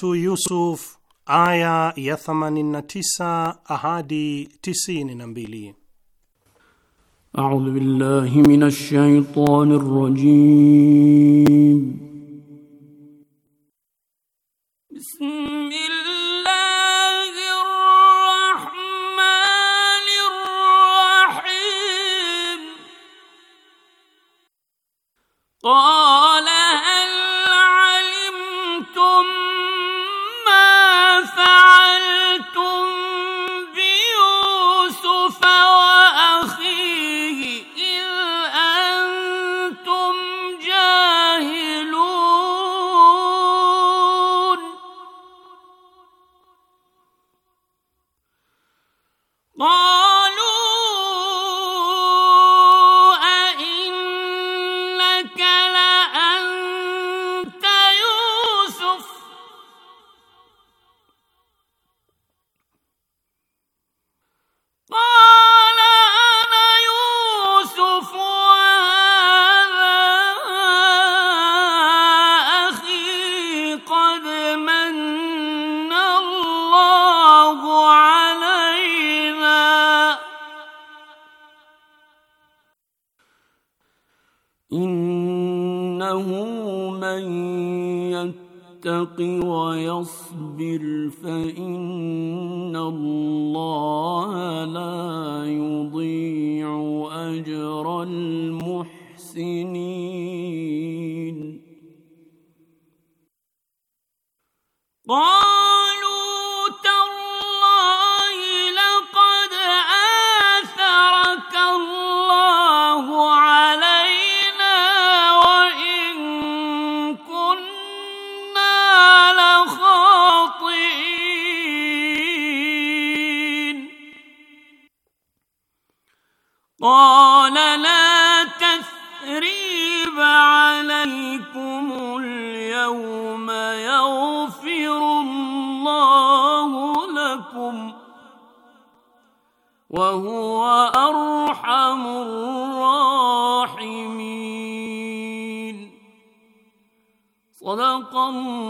tatu Yusuf aya ya na tisa ahadi 92. A'udhu billahi minash shaitanir rajim. Bismillah قال لا تثريب عليكم اليوم يغفر الله لكم وهو ارحم الراحمين صدق الله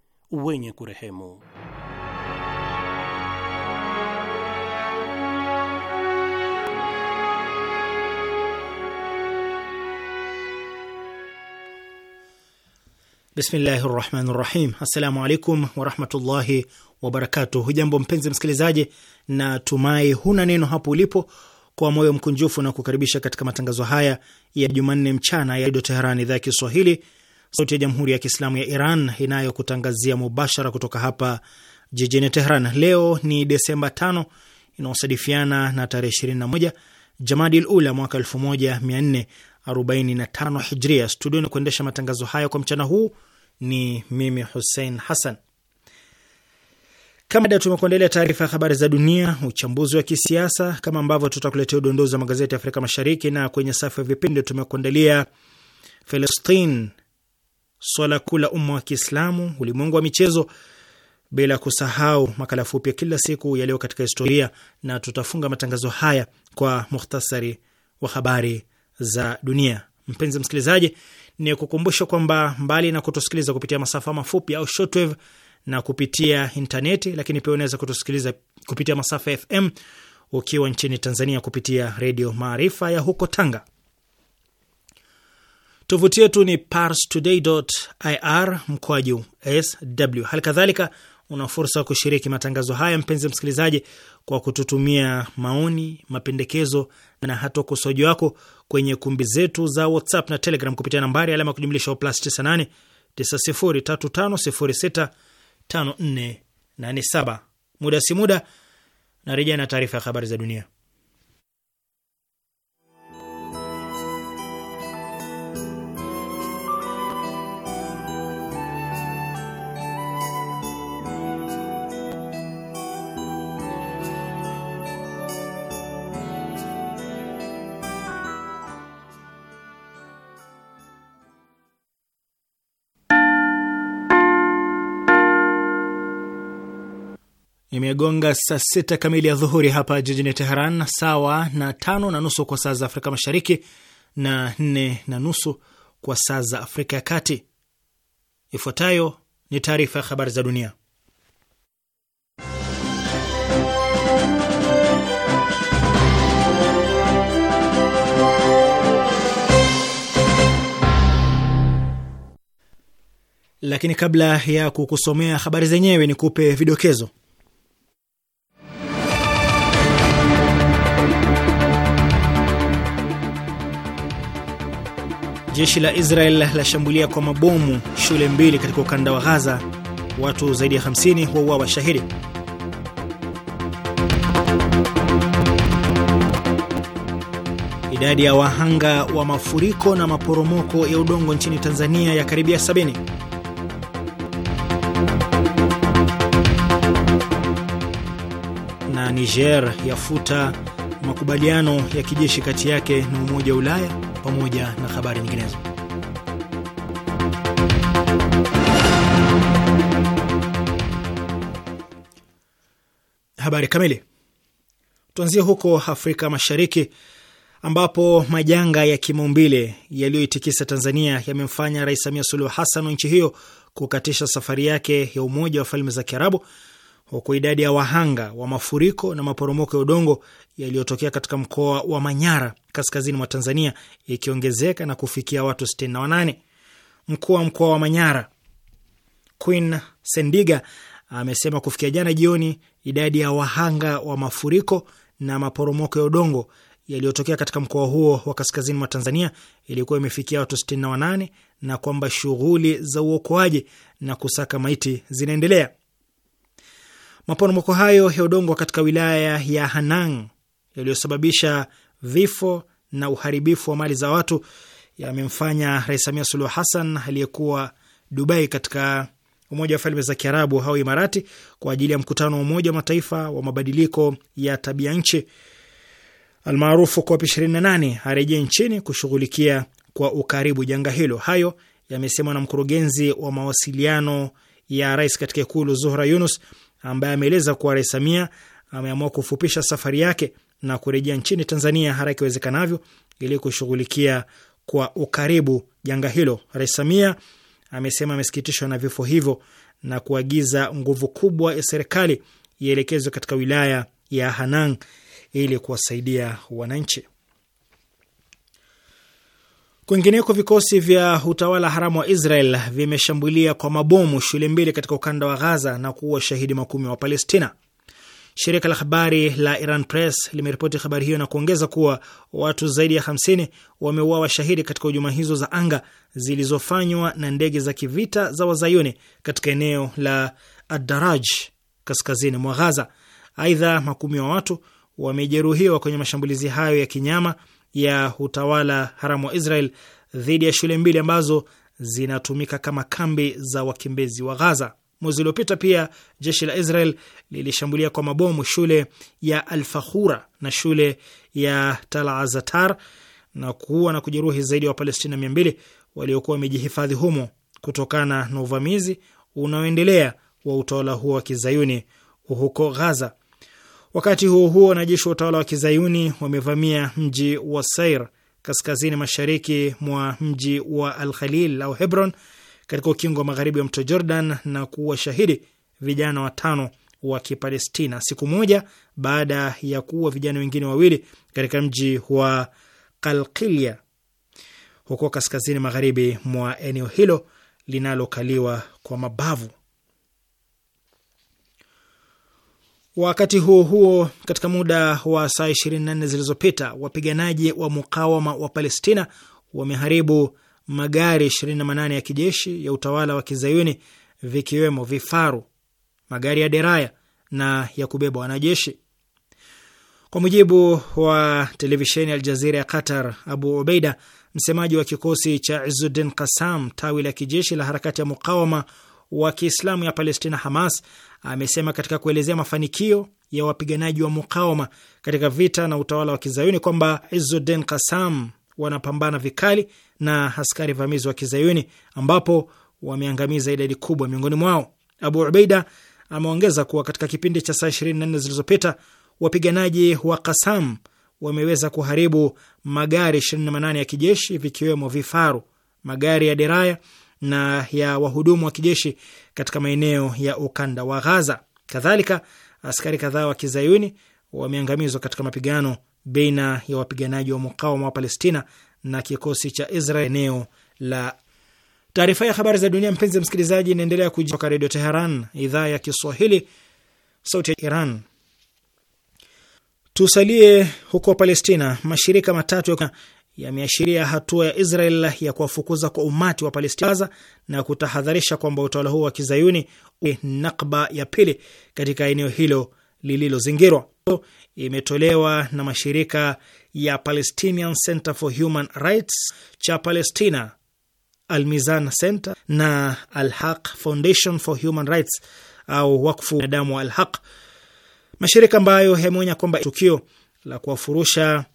wenye kurehemu. Bismillahi rahmani rahim. Assalamu alaikum warahmatullahi wabarakatuh. Hujambo mpenzi msikilizaji, na tumai huna neno hapo ulipo. Kwa moyo mkunjufu na kukaribisha katika matangazo haya ya Jumanne mchana ya Redio Teheran, idhaa ya Kiswahili, Sauti ya Jamhuri ya Kiislamu ya Iran inayokutangazia mubashara kutoka hapa jijini Tehran. Leo ni Desemba 5 inaosadifiana na tarehe 21 Jamadil Ula mwaka 1445 Hijria. Studioni kuendesha matangazo haya kwa mchana huu ni mimi Hussein Hassan. Kama ada, tumekuandalia taarifa ya habari za dunia, uchambuzi wa kisiasa, kama ambavyo tutakuletea udondozi wa magazeti ya Afrika Mashariki, na kwenye safu ya vipindi tumekuandalia Palestina swala kuu la umma wa Kiislamu, ulimwengu wa michezo, bila kusahau makala fupi ya kila siku yaliyo katika historia, na tutafunga matangazo haya kwa muhtasari wa habari za dunia. Mpenzi msikilizaji, ni kukumbusha kwamba mbali na kutusikiliza kupitia masafa mafupi au shortwave na kupitia intaneti, lakini pia unaweza kutusikiliza kupitia masafa FM ukiwa nchini Tanzania kupitia Redio Maarifa ya huko Tanga. Tovuti yetu ni parstoday.ir mkwaju sw. Hali kadhalika una fursa ya kushiriki matangazo haya, mpenzi msikilizaji, kwa kututumia maoni, mapendekezo na hata ukosoaji wako kwenye kumbi zetu za WhatsApp na Telegram kupitia nambari alama kujumlisha plus 98 9035065487. Muda si muda narejea na taarifa ya habari za dunia. Imegonga saa sita kamili ya dhuhuri hapa jijini Teheran, sawa na tano na nusu kwa saa za Afrika Mashariki na nne na nusu kwa saa za Afrika ya Kati. Ifuatayo ni taarifa ya habari za dunia, lakini kabla ya kukusomea habari zenyewe, ni kupe vidokezo Jeshi la Israel lashambulia kwa mabomu shule mbili katika ukanda wa Ghaza, watu zaidi ya 50 wauawa shahidi. Idadi ya wahanga wa mafuriko na maporomoko ya udongo nchini Tanzania ya karibia 70. Na Niger yafuta makubaliano ya kijeshi kati yake na Umoja wa Ulaya pamoja na habari nyinginezo. Habari kamili tuanzie huko Afrika Mashariki ambapo majanga ya kimaumbile yaliyoitikisa Tanzania yamemfanya Rais Samia Suluhu Hassan wa nchi hiyo kukatisha safari yake ya Umoja wa Falme za Kiarabu huku idadi ya wahanga wa mafuriko na maporomoko ya udongo yaliyotokea katika mkoa wa Manyara kaskazini mwa Tanzania ikiongezeka na kufikia watu 68. Mkuu wa mkoa wa Manyara Queen Sendiga amesema kufikia jana jioni idadi ya wahanga wa mafuriko na maporomoko ya udongo yaliyotokea katika mkoa huo wa kaskazini mwa Tanzania ilikuwa imefikia watu 68 na kwamba shughuli za uokoaji na kusaka maiti zinaendelea. Maporomoko hayo ya udongo katika wilaya ya Hanang yaliyosababisha vifo na uharibifu wa mali za watu yamemfanya Rais Samia Suluhu Hassan aliyekuwa Dubai katika Umoja wa Falme za Kiarabu au Imarati kwa ajili ya mkutano wa Umoja wa Mataifa wa mabadiliko ya tabia nchi almaarufu COP 28 arejee nchini kushughulikia kwa ukaribu janga hilo. Hayo yamesemwa na mkurugenzi wa mawasiliano ya rais katika Ikulu Zuhra Yunus ambaye ameeleza kuwa Rais Samia ameamua kufupisha safari yake na kurejea nchini Tanzania haraka iwezekanavyo ili kushughulikia kwa ukaribu janga hilo. Rais Samia amesema amesikitishwa na vifo hivyo na kuagiza nguvu kubwa ya serikali ielekezwe katika wilaya ya Hanang ili kuwasaidia wananchi. Kwingineko, vikosi vya utawala haramu wa Israel vimeshambulia kwa mabomu shule mbili katika ukanda wa Ghaza na kuua shahidi makumi wa Palestina. Shirika la habari la Iran Press limeripoti habari hiyo na kuongeza kuwa watu zaidi ya 50 wameuawa shahidi katika hujuma hizo za anga zilizofanywa na ndege za kivita za Wazayuni katika eneo la Adaraj kaskazini mwa Ghaza. Aidha, makumi wa watu wamejeruhiwa kwenye mashambulizi hayo ya kinyama ya utawala haramu wa Israel dhidi ya shule mbili ambazo zinatumika kama kambi za wakimbizi wa Ghaza. Mwezi uliopita pia jeshi la Israel lilishambulia kwa mabomu shule ya Alfahura na shule ya Talazatar na kuua na kujeruhi zaidi ya wa Wapalestina mia mbili waliokuwa wamejihifadhi humo kutokana na uvamizi unaoendelea wa utawala huo wa kizayuni huko Ghaza. Wakati huo huo, wanajeshi wa utawala wa kizayuni wamevamia mji wa Sair kaskazini mashariki mwa mji wa Al Khalil au Hebron katika ukingo wa magharibi wa mto Jordan na kuwa shahidi vijana watano wa Kipalestina siku moja baada ya kuwa vijana wengine wawili katika mji wa Kalkilia huko kaskazini magharibi mwa eneo hilo linalokaliwa kwa mabavu. Wakati huo huo, katika muda wa saa 24 zilizopita, wapiganaji wa mukawama wa Palestina wameharibu magari 28 ya kijeshi ya utawala wa Kizayuni, vikiwemo vifaru, magari ya deraya na ya kubeba wanajeshi. Kwa mujibu wa televisheni Al Jazira ya Qatar, Abu Ubeida, msemaji wa kikosi cha Izuddin Kasam, tawi la kijeshi la harakati ya mukawama wa Kiislamu ya Palestina, Hamas, amesema katika kuelezea mafanikio ya wapiganaji wa mukawama katika vita na utawala wa kizayuni kwamba Izzuddin Kasam wanapambana vikali na askari vamizi wa kizayuni ambapo wameangamiza idadi kubwa miongoni mwao. Abu Ubeida ameongeza kuwa katika kipindi cha saa 24 zilizopita wapiganaji wa Kasam wameweza kuharibu magari 28 ya kijeshi vikiwemo vifaru, magari ya deraya na ya wahudumu wa kijeshi katika maeneo ya ukanda wa Ghaza. Kadhalika, askari kadhaa wa kizayuni wameangamizwa katika mapigano baina ya wapiganaji wa mukawama wa Palestina na kikosi cha Israel eneo la taarifa ya habari za dunia. Mpenzi msikilizaji, inaendelea kutoka Redio Teheran, idhaa ya Kiswahili, sauti ya Iran. Tusalie huko Palestina. Mashirika matatu yameashiria hatua ya Israel ya kuwafukuza kwa umati wa Palestina na kutahadharisha kwamba utawala huo wa kizayuni nakba ya pili katika eneo hilo lililozingirwa. Imetolewa na mashirika ya Palestinian Center for Human Rights cha Palestina, Almizan Center na Alhaq Foundation for Human Rights au wakfu binadamu wa Alhaq, mashirika ambayo yameonya kwamba tukio la kuwafurusha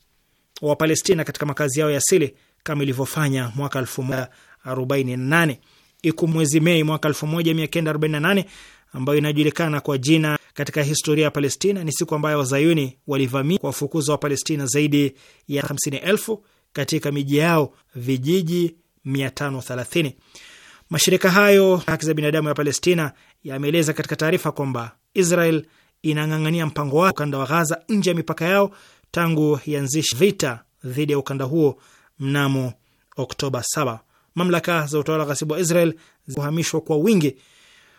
wa Palestina katika makazi yao ya asili kama ilivyofanya mwaka 1948. Iku mwezi Mei mwaka 1948 ambayo inajulikana kwa jina katika historia ya Palestina ni siku ambayo wazayuni walivamia kwa wafukuza wa Palestina zaidi ya 50,000 katika miji yao vijiji 530. Mashirika hayo haki za binadamu ya Palestina yameeleza katika taarifa kwamba Israel inang'ang'ania mpango wao ukanda wa Ghaza nje ya mipaka yao tangu ianzishe vita dhidi ya ukanda huo mnamo Oktoba 7. Mamlaka za utawala ghasibu wa Israel kuhamishwa kwa wingi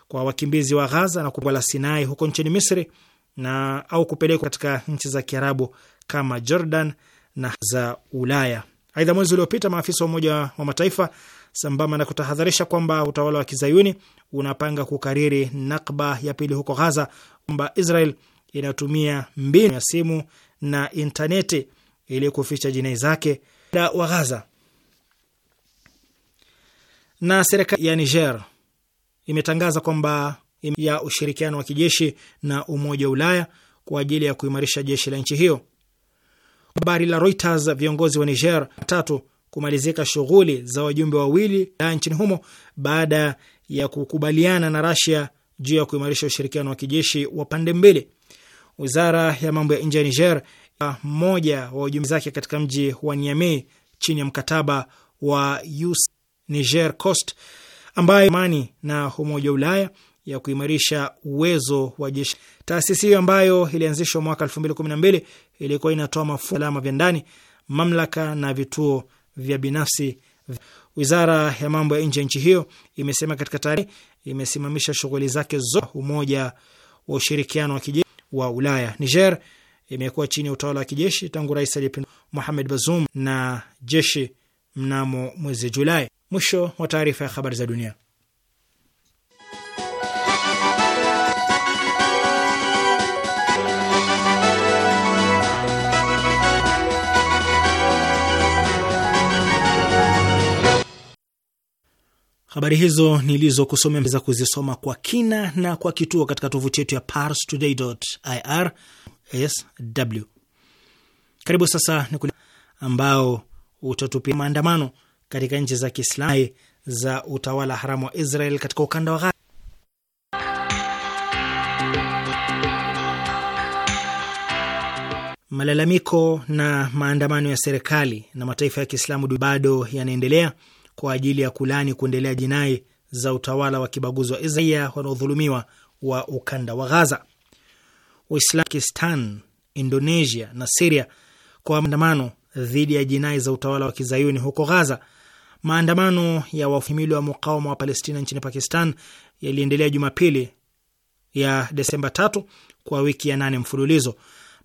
kwa wakimbizi wa Ghaza na kupwa la Sinai huko nchini Misri na au kupelekwa katika nchi za Kiarabu kama Jordan na za Ulaya. Aidha, mwezi uliopita maafisa wa Umoja wa Mataifa sambamba na kutahadharisha kwamba utawala wa kizayuni unapanga kukariri nakba ya pili huko Ghaza, kwamba Israel inatumia mbinu ya simu na intaneti ili kuficha jinai zake wa Gaza. Na serikali ya Niger imetangaza kwamba ya ushirikiano wa kijeshi na Umoja wa Ulaya kwa ajili ya kuimarisha jeshi la nchi hiyo. Habari la Reuters, viongozi wa Niger tatu kumalizika shughuli za wajumbe wawili nchini humo baada ya kukubaliana na Russia juu ya kuimarisha ushirikiano wa kijeshi wa pande mbili. Wizara ya mambo ya nje ya Niger mmoja wa ujumbe zake katika mji wa Niamey chini ya mkataba wa US Niger Coast ambayo mani na Umoja wa Ulaya ya kuimarisha uwezo wa jeshi. Taasisi hiyo ambayo ilianzishwa mwaka 2012 ilikuwa inatoa mafunzo alama vya ndani, mamlaka na vituo vya binafsi. Wizara ya mambo ya nje ya nchi hiyo imesema katika taarifa, imesimamisha shughuli zake zote. Umoja wa ushirikiano wa kijeshi wa Ulaya. Niger imekuwa chini ya utawala wa kijeshi tangu rais aliyepinduliwa Mohamed Bazoum na jeshi mnamo mwezi Julai. Mwisho wa taarifa ya habari za dunia. Habari hizo nilizokusomea za kuzisoma kwa kina na kwa kituo katika tovuti yetu ya parstoday.ir sw. Karibu sasa ni ambao utatupia maandamano katika nchi za Kiislamu za utawala haramu wa Israel katika ukanda wa Gaza. Malalamiko na maandamano ya serikali na mataifa ya Kiislamu bado yanaendelea kwa ajili ya kulani kuendelea jinai za utawala wa kibaguzi wa Israel wanaodhulumiwa wa ukanda wa Ghaza. Waislamkistan, Indonesia na Siria kwa maandamano dhidi ya jinai za utawala wa kizayuni huko Ghaza. Maandamano ya wahimili wa mukawama wa Palestina nchini Pakistan yaliendelea Jumapili ya Desemba tatu kwa wiki ya nane mfululizo.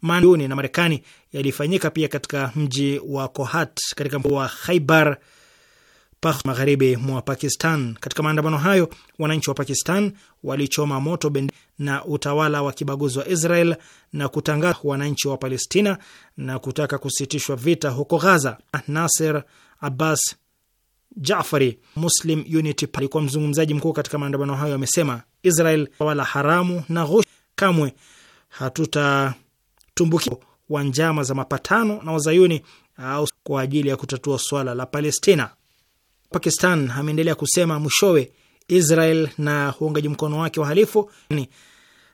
Maandamano na Marekani yalifanyika pia katika mji wa Kohat katika mkoa wa Khaibar Pakh, magharibi mwa Pakistan. Katika maandamano hayo, wananchi wa Pakistan walichoma moto bendera na utawala wa kibaguzi wa Israel na kutangaza wananchi wa Palestina na kutaka kusitishwa vita huko Ghaza. nasir Abbas Jafari, Muslim Unity alikuwa mzungumzaji mkuu katika maandamano hayo amesema, Israel wala haramu na ghush, kamwe hatutatumbukia wa njama za mapatano na wazayuni au kwa ajili ya kutatua swala la Palestina. Pakistan, ameendelea kusema mwishowe Israel na uungaji mkono wake wa halifu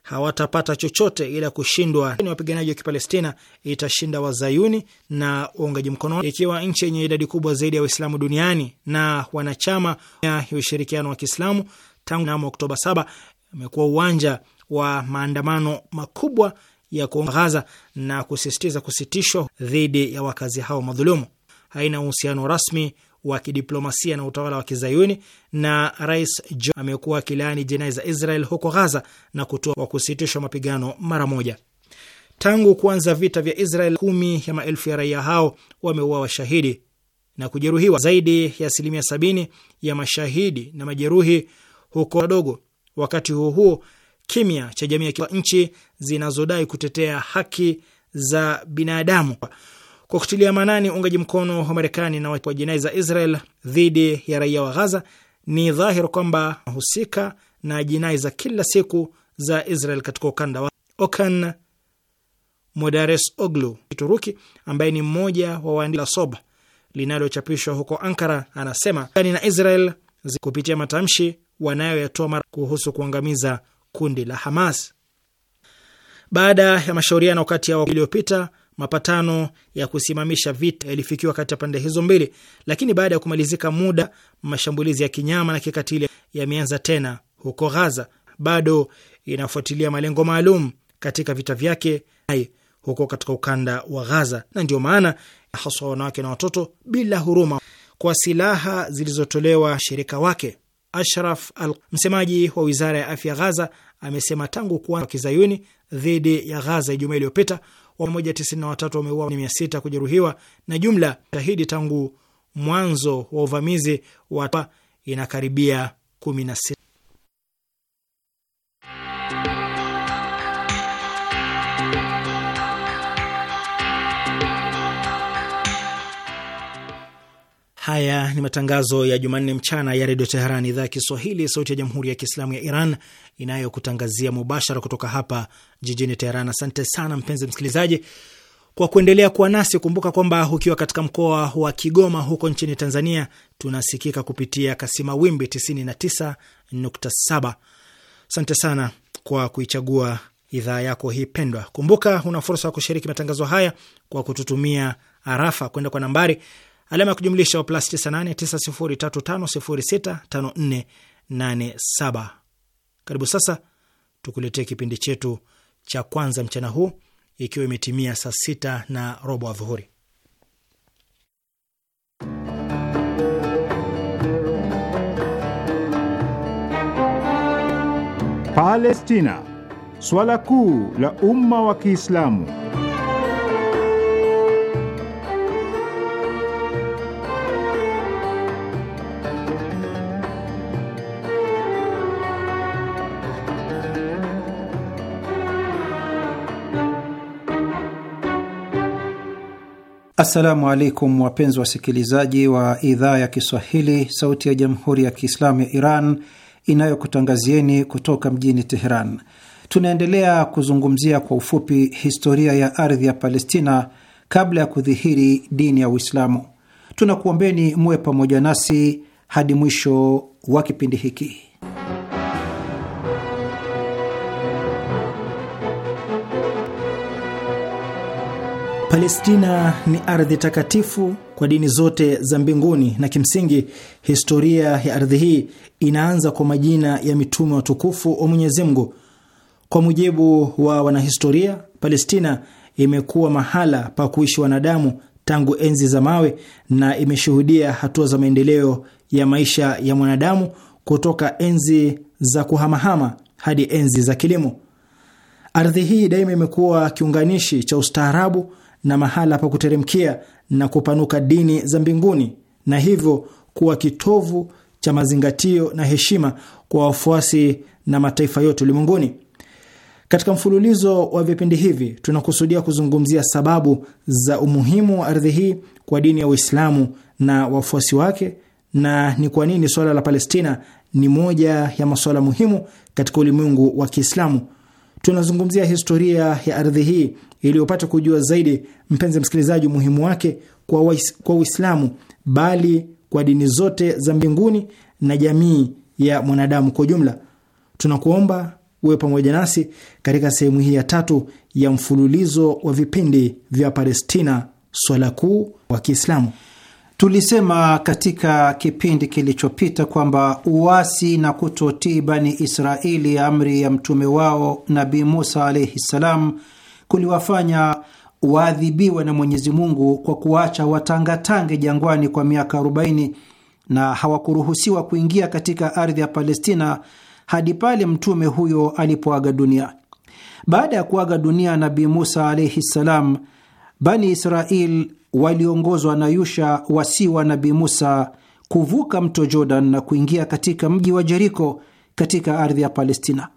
hawatapata chochote ila kushindwa. Ni wapiganaji wa Kipalestina itashinda wazayuni na uungaji mkono, wake, ikiwa nchi yenye idadi kubwa zaidi ya Waislamu duniani na wanachama ya ushirikiano wa Kiislamu tangu mnamo Oktoba 7 amekuwa uwanja wa maandamano makubwa ya kuangaza na kusisitiza kusitishwa dhidi ya wakazi hao madhulumu. Haina uhusiano rasmi wa kidiplomasia na utawala wa kizayuni na rais Joe amekuwa akilaani jinai za Israel huko Ghaza na kutoa wa kusitishwa mapigano mara moja. Tangu kuanza vita vya Israel, kumi ya maelfu ya raia hao wameua washahidi na kujeruhiwa. Zaidi ya asilimia sabini ya mashahidi na majeruhi huko wadogo. Wakati huo huo, kimya cha jamii ya nchi zinazodai kutetea haki za binadamu kwa kutilia maanani uungaji mkono wa Marekani na wa jinai za Israel dhidi ya raia wa Ghaza, ni dhahiri kwamba husika na jinai za kila siku za Israel katika ukanda wa Okan Modares Oglu Kituruki, ambaye ni mmoja wa waandishi la Soba linalochapishwa huko Ankara, anasema Marekani na Israel kupitia matamshi wanayoyatoa mara kuhusu kuangamiza kundi la Hamas. Baada ya mashauriano kati ya wawili iliyopita mapatano ya kusimamisha vita yalifikiwa kati ya pande hizo mbili, lakini baada ya kumalizika muda, mashambulizi ya kinyama na kikatili yameanza tena huko Ghaza. Bado inafuatilia malengo maalum katika vita vyake huko katika ukanda wa Ghaza, na ndio maana haswa wanawake na watoto bila huruma kwa silaha zilizotolewa shirika wake. Ashraf Al, msemaji wa wizara ya afya Ghaza, amesema tangu kuanza kwa kizayuni dhidi ya Ghaza Ijumaa iliyopita 193 wameuawa, 600 kujeruhiwa na jumla shahidi tangu mwanzo wa uvamizi wa inakaribia 16. Haya ni matangazo ya Jumanne mchana ya redio Teheran, idhaa ya Kiswahili, sauti ya jamhuri ya kiislamu ya Iran inayokutangazia mubashara kutoka hapa jijini Teheran. Asante sana mpenzi msikilizaji kwa kuendelea kuwa nasi. Kumbuka kwamba ukiwa katika mkoa wa Kigoma huko nchini Tanzania, tunasikika kupitia kasima wimbi 99.7. Asante sana kwa kuichagua idhaa yako hii pendwa. Kumbuka una fursa ya kushiriki matangazo haya kwa kututumia arafa kwenda kwa nambari alama ya kujumlisha wa plus 98 9035065487. Karibu sasa tukuletee kipindi chetu cha kwanza mchana huu, ikiwa imetimia saa sita na robo adhuhuri. Palestina, swala kuu la umma wa Kiislamu. Assalamu alaikum wapenzi wasikilizaji wa idhaa ya Kiswahili, sauti ya jamhuri ya kiislamu ya Iran inayokutangazieni kutoka mjini Teheran. Tunaendelea kuzungumzia kwa ufupi historia ya ardhi ya Palestina kabla ya kudhihiri dini ya Uislamu. Tunakuombeni muwe pamoja nasi hadi mwisho wa kipindi hiki. Palestina ni ardhi takatifu kwa dini zote za mbinguni, na kimsingi historia ya ardhi hii inaanza kwa majina ya mitume watukufu wa Mwenyezi Mungu. Kwa mujibu wa wanahistoria, Palestina imekuwa mahala pa kuishi wanadamu tangu enzi za mawe na imeshuhudia hatua za maendeleo ya maisha ya mwanadamu kutoka enzi za kuhamahama hadi enzi za kilimo. Ardhi hii daima imekuwa kiunganishi cha ustaarabu na mahala pa kuteremkia na kupanuka dini za mbinguni na hivyo kuwa kitovu cha mazingatio na heshima kwa wafuasi na mataifa yote ulimwenguni. Katika mfululizo wa vipindi hivi tunakusudia kuzungumzia sababu za umuhimu wa ardhi hii kwa dini ya Uislamu na wafuasi wake na ni kwa nini suala la Palestina ni moja ya masuala muhimu katika ulimwengu wa Kiislamu tunazungumzia historia ya ardhi hii ili upate kujua zaidi, mpenzi msikilizaji, umuhimu wake kwa Uislamu bali kwa dini zote za mbinguni na jamii ya mwanadamu kwa ujumla. Tunakuomba uwe pamoja nasi katika sehemu hii ya tatu ya mfululizo wa vipindi vya Palestina, swala kuu wa Kiislamu. Tulisema katika kipindi kilichopita kwamba uasi na kutotii Bani Israeli amri ya mtume wao Nabii Musa alaihi ssalam kuliwafanya waadhibiwe na Mwenyezi Mungu kwa kuwaacha watangatange jangwani kwa miaka 40 na hawakuruhusiwa kuingia katika ardhi ya Palestina hadi pale mtume huyo alipoaga dunia. Baada ya kuaga dunia Nabii Musa alaihi ssalam Bani israel waliongozwa na Yusha wasiwa Nabii Musa kuvuka mto Jordan na kuingia katika mji wa Jeriko katika ardhi ya Palestina.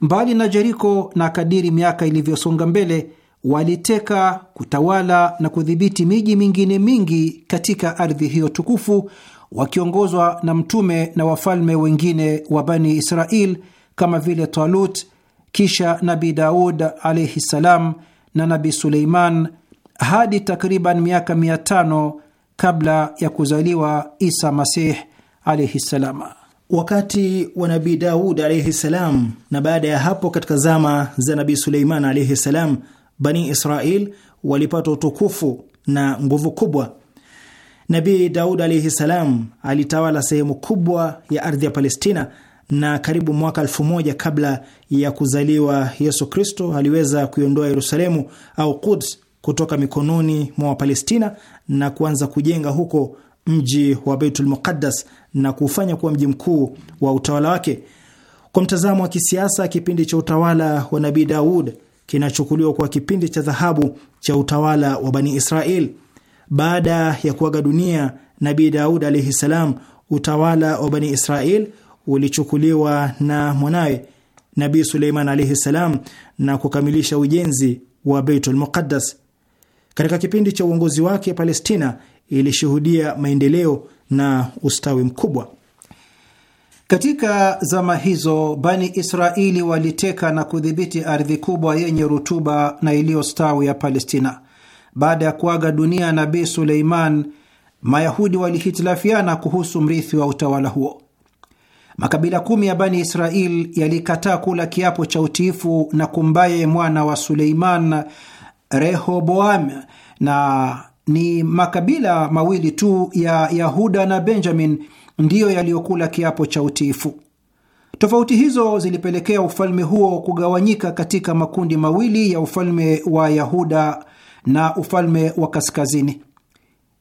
Mbali na Jeriko na kadiri miaka ilivyosonga mbele, waliteka, kutawala na kudhibiti miji mingine mingi katika ardhi hiyo tukufu, wakiongozwa na mtume na wafalme wengine wa Bani israel kama vile Talut, kisha Nabi Daud alaihi ssalam na Nabi Suleiman hadi takriban miaka mia tano kabla ya kuzaliwa Isa Masih alaihi ssalam, wakati wa Nabii Daud alaihi ssalam, na baada ya hapo katika zama za Nabii Suleiman alaihi ssalam, Bani Israil walipata utukufu na nguvu kubwa. Nabii Daud alaihi ssalam alitawala sehemu kubwa ya ardhi ya Palestina na karibu mwaka elfu moja kabla ya kuzaliwa Yesu Kristo aliweza kuiondoa Yerusalemu au Quds kutoka mikononi mwa Wapalestina na kuanza kujenga huko mji wa Beitul Muqaddas na kuufanya kuwa mji mkuu wa utawala wake. Kwa mtazamo wa kisiasa, kipindi cha utawala wa Nabii Daud kinachukuliwa kuwa kipindi cha dhahabu cha utawala wa Bani Israel. Baada ya kuaga dunia Nabii Daud alaihi salam, utawala wa Bani Israel ulichukuliwa na mwanawe Nabii Suleiman alaihi salam na kukamilisha ujenzi wa Beitul Muqaddas. Katika kipindi cha uongozi wake, Palestina ilishuhudia maendeleo na ustawi mkubwa. Katika zama hizo, Bani Israeli waliteka na kudhibiti ardhi kubwa yenye rutuba na iliyostawi ya Palestina. Baada ya kuaga dunia Nabii Suleiman, Mayahudi walihitilafiana kuhusu mrithi wa utawala huo. Makabila kumi ya Bani Israel yalikataa kula kiapo cha utiifu na kumbaye mwana wa Suleiman Rehoboam na ni makabila mawili tu ya Yahuda na Benjamin ndiyo yaliyokula kiapo cha utiifu. Tofauti hizo zilipelekea ufalme huo kugawanyika katika makundi mawili ya ufalme wa Yahuda na ufalme wa kaskazini.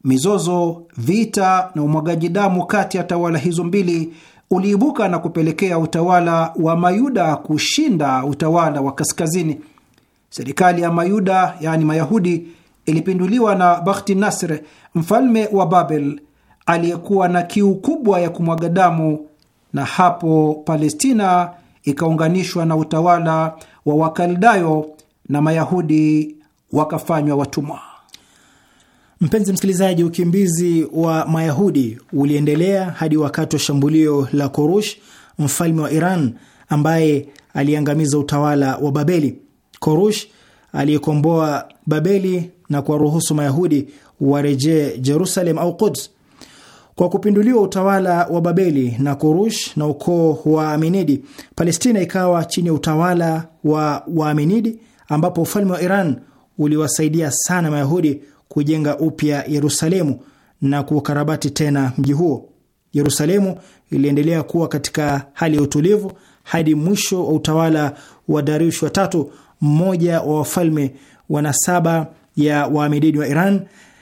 Mizozo, vita na umwagaji damu kati ya tawala hizo mbili uliibuka na kupelekea utawala wa Mayuda kushinda utawala wa kaskazini. Serikali ya Mayuda, yaani Mayahudi, ilipinduliwa na Bakhti Nasr, mfalme wa Babel aliyekuwa na kiu kubwa ya kumwaga damu, na hapo Palestina ikaunganishwa na utawala wa Wakaldayo na Mayahudi wakafanywa watumwa. Mpenzi msikilizaji, ukimbizi wa Mayahudi uliendelea hadi wakati wa shambulio la Korush, mfalme wa Iran, ambaye aliangamiza utawala wa Babeli. Korush aliyekomboa Babeli na kuwaruhusu Mayahudi warejee Jerusalem au Quds. Kwa kupinduliwa utawala wa Babeli na Kurush na ukoo wa Aminidi, Palestina ikawa chini ya utawala wa Waaminidi, ambapo ufalme wa Iran uliwasaidia sana Mayahudi kujenga upya Yerusalemu na kuukarabati tena mji huo. Yerusalemu iliendelea kuwa katika hali ya utulivu hadi mwisho wa utawala wa Dariush watatu mmoja wa wafalme wa nasaba ya Wamedini wa Iran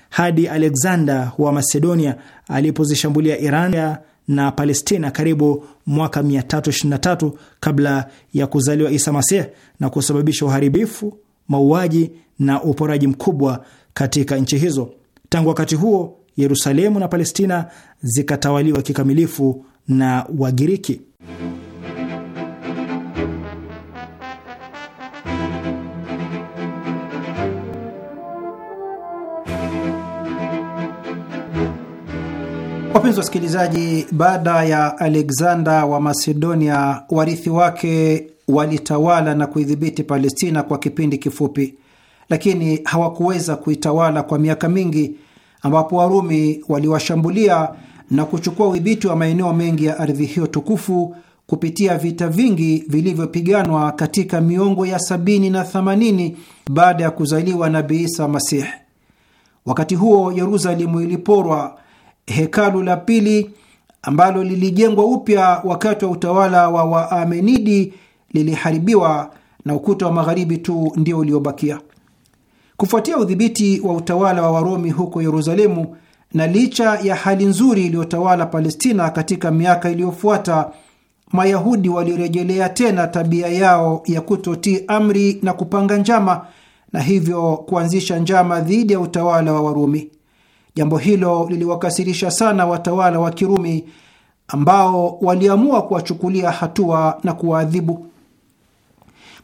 hadi Alexander wa Macedonia alipozishambulia Iran na Palestina karibu mwaka 323 kabla ya kuzaliwa Isa Masih na kusababisha uharibifu, mauaji na uporaji mkubwa katika nchi hizo. Tangu wakati huo, Yerusalemu na Palestina zikatawaliwa kikamilifu na Wagiriki. Wapenzi wasikilizaji, baada ya Alexander wa Macedonia, warithi wake walitawala na kuidhibiti Palestina kwa kipindi kifupi, lakini hawakuweza kuitawala kwa miaka mingi, ambapo Warumi waliwashambulia na kuchukua udhibiti wa maeneo mengi ya ardhi hiyo tukufu kupitia vita vingi vilivyopiganwa katika miongo ya sabini na themanini baada ya kuzaliwa Nabii Isa Masihi. Wakati huo Yerusalemu iliporwa hekalu la pili ambalo lilijengwa upya wakati wa utawala wa Waamenidi liliharibiwa na ukuta wa magharibi tu ndio uliobakia. Kufuatia udhibiti wa utawala wa waromi huko Yerusalemu, na licha ya hali nzuri iliyotawala Palestina katika miaka iliyofuata, Mayahudi walirejelea tena tabia yao ya kutotii amri na kupanga njama, na hivyo kuanzisha njama dhidi ya utawala wa Warumi. Jambo hilo liliwakasirisha sana watawala wa Kirumi ambao waliamua kuwachukulia hatua na kuwaadhibu.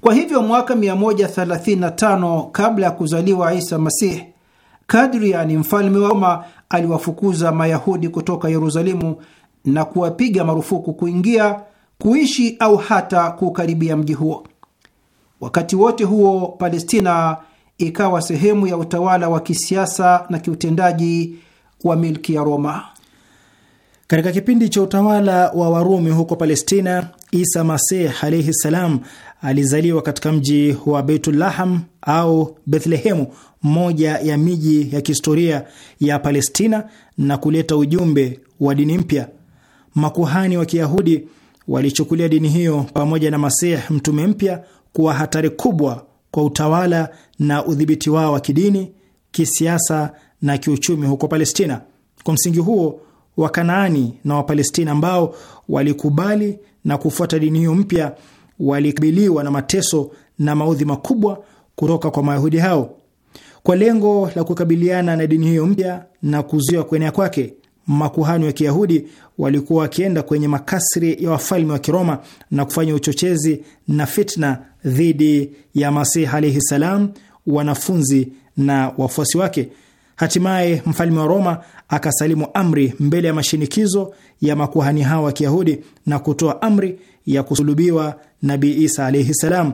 Kwa hivyo mwaka 135 kabla ya kuzaliwa Isa Masih, Kadrian mfalme wa Roma aliwafukuza Mayahudi kutoka Yerusalemu na kuwapiga marufuku kuingia, kuishi au hata kukaribia mji huo. Wakati wote huo Palestina ikawa sehemu ya utawala wa kisiasa na kiutendaji wa milki ya Roma. Katika kipindi cha utawala wa Warumi huko Palestina, Isa Masih alaihi ssalam alizaliwa katika mji wa Beitulaham au Bethlehemu, moja ya miji ya kihistoria ya Palestina, na kuleta ujumbe wa dini mpya. Makuhani wa Kiyahudi walichukulia dini hiyo pamoja na Masih mtume mpya kuwa hatari kubwa kwa utawala na udhibiti wao wa kidini, kisiasa na kiuchumi huko Palestina. Kwa msingi huo, Wakanaani na Wapalestina ambao walikubali na kufuata dini hiyo mpya walikabiliwa na mateso na maudhi makubwa kutoka kwa Mayahudi hao. Kwa lengo la kukabiliana na dini hiyo mpya na kuzuia kuenea kwake, makuhani wa Kiyahudi walikuwa wakienda kwenye makasri ya wafalme wa Kiroma na kufanya uchochezi na fitna dhidi ya Masihi alaihi salam, wanafunzi na wafuasi wake. Hatimaye mfalme wa Roma akasalimu amri mbele ya mashinikizo ya makuhani hawa wa Kiyahudi na kutoa amri ya kusulubiwa Nabii Isa alaihi salam.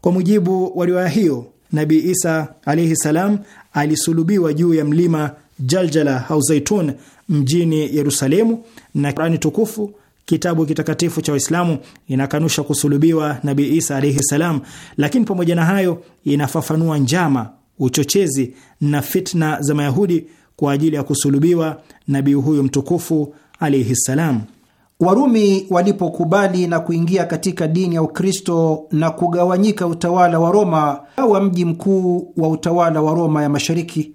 Kwa mujibu wa riwaya hiyo, Nabii Isa alaihi salam alisulubiwa juu ya mlima Jaljala au Zaitun mjini Yerusalemu, na Qurani tukufu kitabu kitakatifu cha Waislamu inakanusha kusulubiwa Nabii Isa alaihi salam, lakini pamoja na hayo inafafanua njama, uchochezi na fitna za Mayahudi kwa ajili ya kusulubiwa nabii huyu mtukufu alaihi salam. Warumi walipokubali na kuingia katika dini ya Ukristo na kugawanyika utawala wa Roma wa mji mkuu wa utawala wa Roma ya Mashariki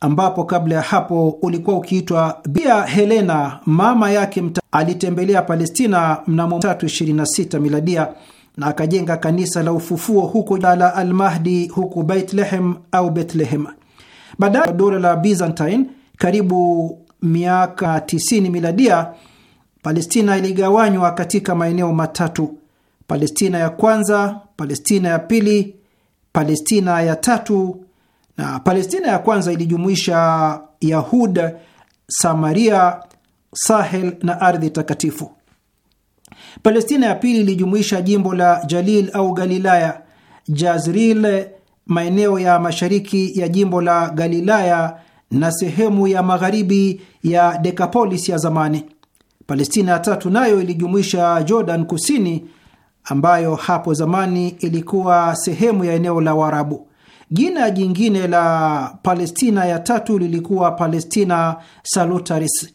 ambapo kabla ya hapo ulikuwa ukiitwa Bia Helena, mama yake mta, alitembelea Palestina mnamo 326 miladia na akajenga kanisa la ufufuo huko la Almahdi huko Bethlehem au Bethlehem. Baadaye dola la Byzantine karibu miaka 90 miladia, Palestina iligawanywa katika maeneo matatu: Palestina ya kwanza, Palestina ya pili, Palestina ya tatu na Palestina ya kwanza ilijumuisha Yahuda, Samaria, Sahel na ardhi takatifu. Palestina ya pili ilijumuisha jimbo la Jalil au Galilaya, Jazril, maeneo ya mashariki ya jimbo la Galilaya na sehemu ya magharibi ya Dekapolis ya zamani. Palestina ya tatu nayo ilijumuisha Jordan Kusini, ambayo hapo zamani ilikuwa sehemu ya eneo la Waarabu. Jina jingine la Palestina ya tatu lilikuwa Palestina Salutaris.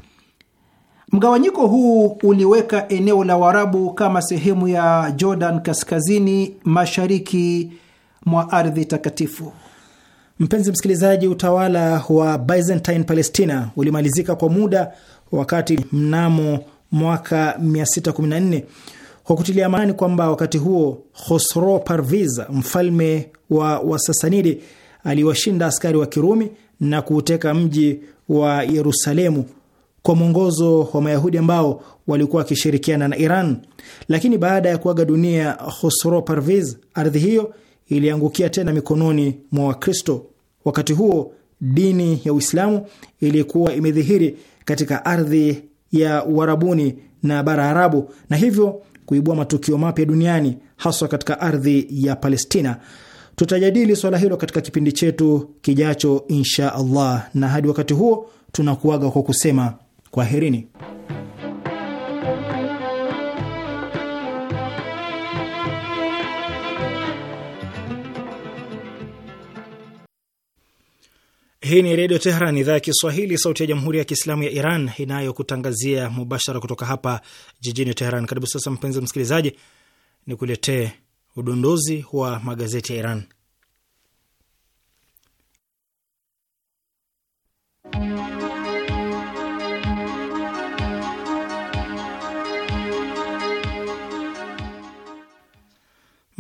Mgawanyiko huu uliweka eneo la warabu kama sehemu ya Jordan kaskazini mashariki mwa ardhi takatifu. Mpenzi msikilizaji, utawala wa Byzantine Palestina ulimalizika kwa muda wakati mnamo mwaka 614 kwa kutilia maanani kwamba wakati huo Khosro Parviz, mfalme wa Wasasanidi, aliwashinda askari wa Kirumi na kuuteka mji wa Yerusalemu kwa mwongozo wa Mayahudi ambao walikuwa wakishirikiana na Iran. Lakini baada ya kuaga dunia Khosro Parviz, ardhi hiyo iliangukia tena mikononi mwa Wakristo. Wakati huo dini ya Uislamu ilikuwa imedhihiri katika ardhi ya Uarabuni na bara Arabu, na hivyo kuibua matukio mapya duniani haswa katika ardhi ya Palestina. Tutajadili swala hilo katika kipindi chetu kijacho, insha Allah, na hadi wakati huo tunakuaga kwa kusema kwaherini. Hii ni Redio Tehran, idhaa ya Kiswahili, sauti ya Jamhuri ya Kiislamu ya Iran, inayokutangazia mubashara kutoka hapa jijini Tehran. Karibu sasa, mpenzi msikilizaji, ni kuletee udondozi wa magazeti ya Iran.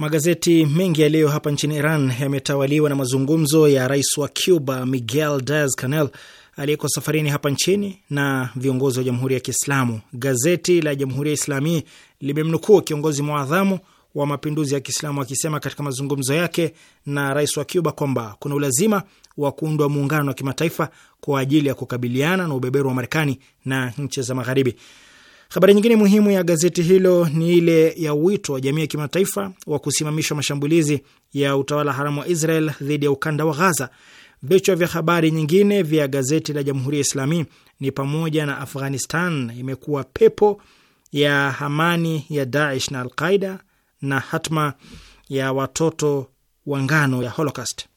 Magazeti mengi ya leo hapa nchini Iran yametawaliwa na mazungumzo ya rais wa Cuba Miguel Diaz Canel aliyeko safarini hapa nchini na viongozi wa Jamhuri ya Kiislamu. Gazeti la Jamhuri ya Islamii limemnukuu kiongozi mwadhamu wa mapinduzi ya Kiislamu akisema katika mazungumzo yake na rais wa Cuba kwamba kuna ulazima wa kuundwa muungano wa kimataifa kwa ajili ya kukabiliana na ubeberu wa Marekani na nchi za Magharibi. Habari nyingine muhimu ya gazeti hilo ni ile ya wito wa jamii ya kimataifa wa kusimamisha mashambulizi ya utawala haramu wa Israel dhidi ya ukanda wa Ghaza. Vichwa vya habari nyingine vya gazeti la Jamhuri ya Islami ni pamoja na Afghanistan imekuwa pepo ya amani ya Daesh na Alqaida na hatma ya watoto wa ngano ya Holocaust.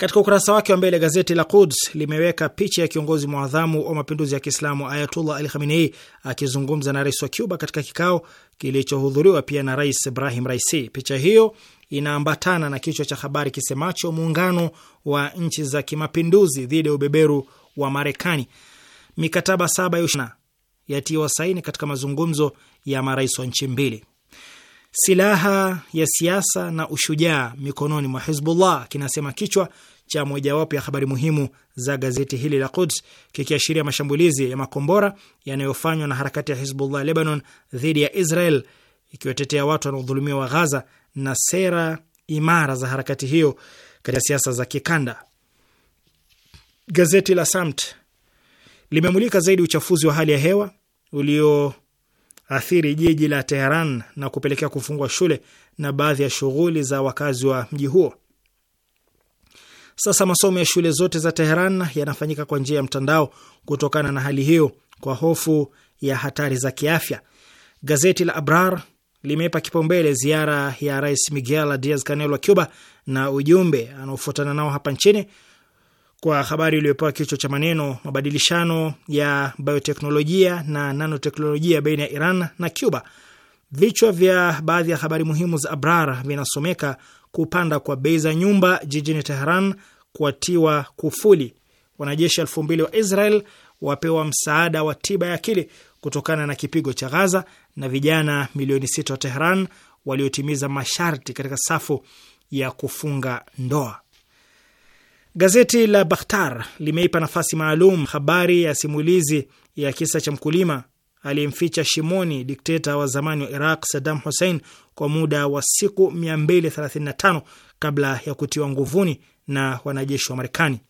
Katika ukurasa wake wa mbele gazeti la Quds limeweka picha ya kiongozi mwadhamu wa mapinduzi ya Kiislamu Ayatullah Ali Khamenei akizungumza na rais wa Cuba katika kikao kilichohudhuriwa pia na Rais Ibrahim Raisi. Picha hiyo inaambatana na kichwa cha habari kisemacho muungano wa nchi za kimapinduzi dhidi ya ubeberu wa Marekani, mikataba saba yatiwa saini katika mazungumzo ya marais wa nchi mbili silaha ya siasa na ushujaa mikononi mwa Hizbullah, kinasema kichwa cha mojawapo ya habari muhimu za gazeti hili la Quds, kikiashiria mashambulizi ya makombora yanayofanywa na harakati ya Hizbullah Lebanon dhidi ya Israel, ikiwatetea watu wanaodhulumiwa wa Ghaza na sera imara za harakati hiyo katika siasa za kikanda. Gazeti la Samt limemulika zaidi uchafuzi wa hali ya hewa ulio athiri jiji la Teheran na kupelekea kufungwa shule na baadhi ya shughuli za wakazi wa mji huo. Sasa masomo ya shule zote za Teheran yanafanyika kwa njia ya mtandao kutokana na hali hiyo, kwa hofu ya hatari za kiafya. Gazeti la Abrar limeipa kipaumbele ziara ya Rais Miguel Diaz Canel wa Cuba na ujumbe anaofuatana nao hapa nchini kwa habari iliyopewa kichwa cha maneno mabadilishano ya bioteknolojia na nanoteknolojia baina ya Iran na Cuba. Vichwa vya baadhi ya habari muhimu za Abrar vinasomeka kupanda kwa bei za nyumba jijini Teheran kuatiwa kufuli, wanajeshi elfu mbili wa Israel wapewa msaada wa tiba ya akili kutokana na kipigo cha Ghaza, na vijana milioni sita wa Teheran waliotimiza masharti katika safu ya kufunga ndoa. Gazeti la Bakhtar limeipa nafasi maalum habari ya simulizi ya kisa cha mkulima aliyemficha shimoni dikteta wa zamani wa Iraq Saddam Hussein kwa muda wa siku 235 kabla ya kutiwa nguvuni na wanajeshi wa Marekani.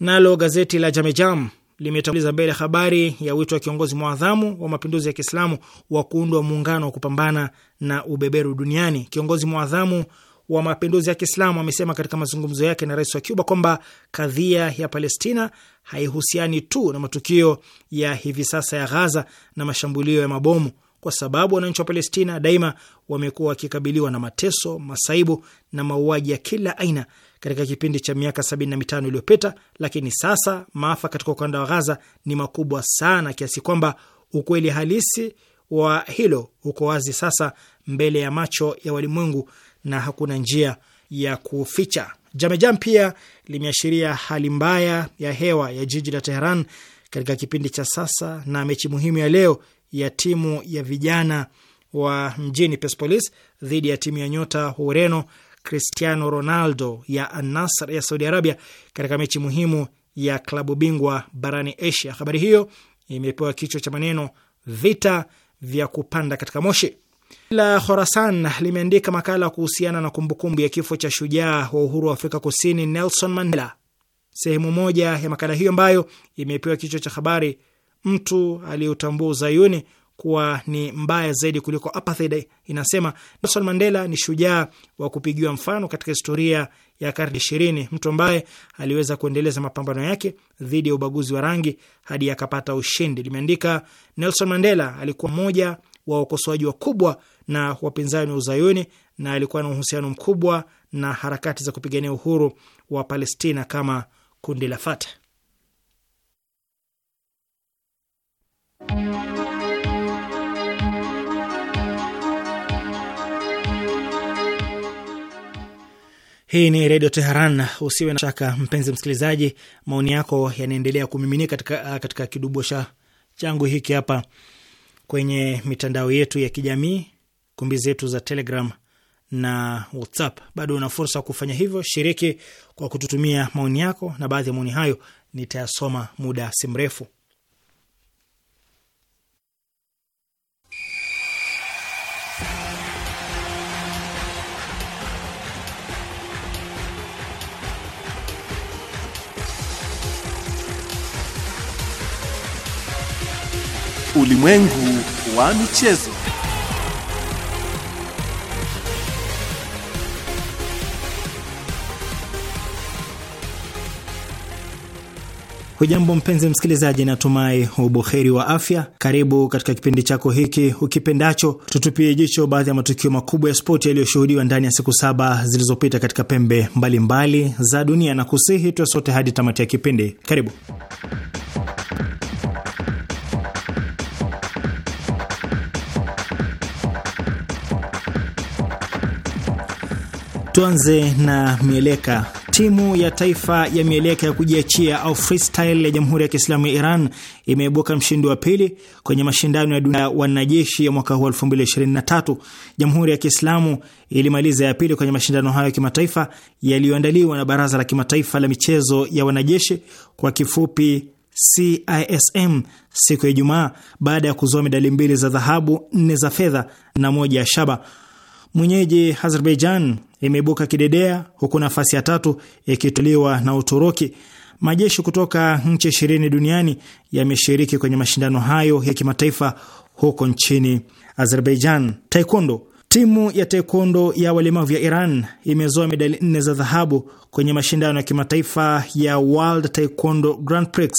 Nalo gazeti la Jamejam limetanguliza mbele habari ya wito wa kiongozi mwadhamu wa mapinduzi ya Kiislamu wa kuundwa muungano wa kupambana na ubeberu duniani. Kiongozi mwadhamu wa mapinduzi ya Kiislamu amesema katika mazungumzo yake na rais wa Cuba kwamba kadhia ya Palestina haihusiani tu na matukio ya hivi sasa ya Ghaza na mashambulio ya mabomu, kwa sababu wananchi wa Palestina daima wamekuwa wakikabiliwa na mateso, masaibu na mauaji ya kila aina katika kipindi cha miaka sabini na mitano iliyopita, lakini sasa maafa katika ukanda wa Ghaza ni makubwa sana kiasi kwamba ukweli halisi wa hilo uko wazi sasa mbele ya macho ya walimwengu na hakuna njia ya kuficha. Jamejam pia limeashiria hali mbaya ya hewa ya jiji la Teheran katika kipindi cha sasa na mechi muhimu ya leo ya timu ya vijana wa mjini Persepolis dhidi ya timu ya nyota wa Ureno Cristiano Ronaldo ya Anasar ya Saudi Arabia katika mechi muhimu ya klabu bingwa barani Asia. Habari hiyo imepewa kichwa cha maneno vita vya kupanda katika moshi la Khorasan limeandika makala kuhusiana na kumbukumbu ya kifo cha shujaa wa uhuru wa Afrika Kusini Nelson Mandela. Sehemu moja ya makala hiyo ambayo imepewa kichwa cha habari, mtu aliyeutambua uzayuni kuwa ni mbaya zaidi kuliko apartheid, inasema Nelson Mandela ni shujaa wa kupigiwa mfano katika historia ya karne ishirini, mtu ambaye aliweza kuendeleza mapambano yake dhidi ya ubaguzi wa rangi hadi akapata ushindi. Limeandika Nelson Mandela alikuwa moja wa wakosoaji wakubwa na wapinzani wa Uzayuni na alikuwa na uhusiano mkubwa na harakati za kupigania uhuru wa Palestina kama kundi la Fatah. Hii ni Redio Teheran. Usiwe na shaka, mpenzi msikilizaji, maoni yako yanaendelea kumiminika katika, katika kidubwasha changu hiki hapa kwenye mitandao yetu ya kijamii, kumbi zetu za Telegram na WhatsApp. Bado una fursa ya kufanya hivyo, shiriki kwa kututumia maoni yako, na baadhi ya maoni hayo nitayasoma muda si mrefu. Ulimwengu wa michezo. Hujambo mpenzi msikilizaji, natumai ubuheri wa afya. Karibu katika kipindi chako hiki ukipendacho, tutupie jicho baadhi ya matukio makubwa ya spoti yaliyoshuhudiwa ndani ya siku saba zilizopita katika pembe mbalimbali mbali za dunia, na kusihi tuwe sote hadi tamati ya kipindi. Karibu. Tuanze na mieleka. Timu ya taifa ya mieleka ya kujiachia au freestyle ya Jamhuri ya Kiislamu ya Iran imeibuka mshindi wa pili kwenye mashindano ya dunia ya wanajeshi ya mwaka huu 2023. Jamhuri ya Kiislamu ilimaliza ya pili kwenye mashindano hayo ya kimataifa yaliyoandaliwa na Baraza la Kimataifa la Michezo ya Wanajeshi, kwa kifupi CISM siku ya Ijumaa baada ya kuzoa medali mbili za dhahabu, nne za fedha na moja ya shaba. Mwenyeji Azerbaijan imeibuka kidedea, huku nafasi ya tatu ikitoliwa na Uturuki. Majeshi kutoka nchi ishirini duniani yameshiriki kwenye mashindano hayo ya kimataifa huko nchini Azerbaijan. Taekwondo. Timu ya taekwondo ya walemavu ya Iran imezoa medali nne za dhahabu kwenye mashindano ya kimataifa ya World Taekwondo Grand Prix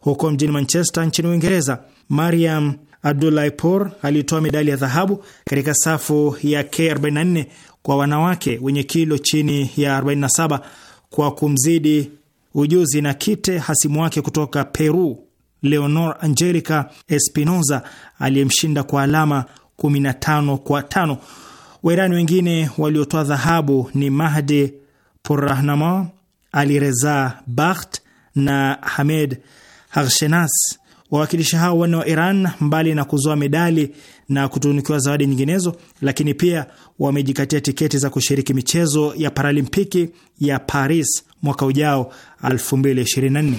huko mjini Manchester nchini Uingereza. Mariam Abdullahipour alitoa medali ya dhahabu katika safu ya K44 kwa wanawake wenye kilo chini ya 47 kwa kumzidi ujuzi na kite hasimu wake kutoka Peru Leonor Angelica Espinoza aliyemshinda kwa alama 15 kwa tano. Wairani wengine waliotoa dhahabu ni Mahdi Purrahnama, Alireza Bakht na Hamed harshenas Wawakilishi hao wanne wa Iran, mbali na kuzoa medali na kutunukiwa zawadi nyinginezo, lakini pia wamejikatia tiketi za kushiriki michezo ya Paralimpiki ya Paris mwaka ujao 2024.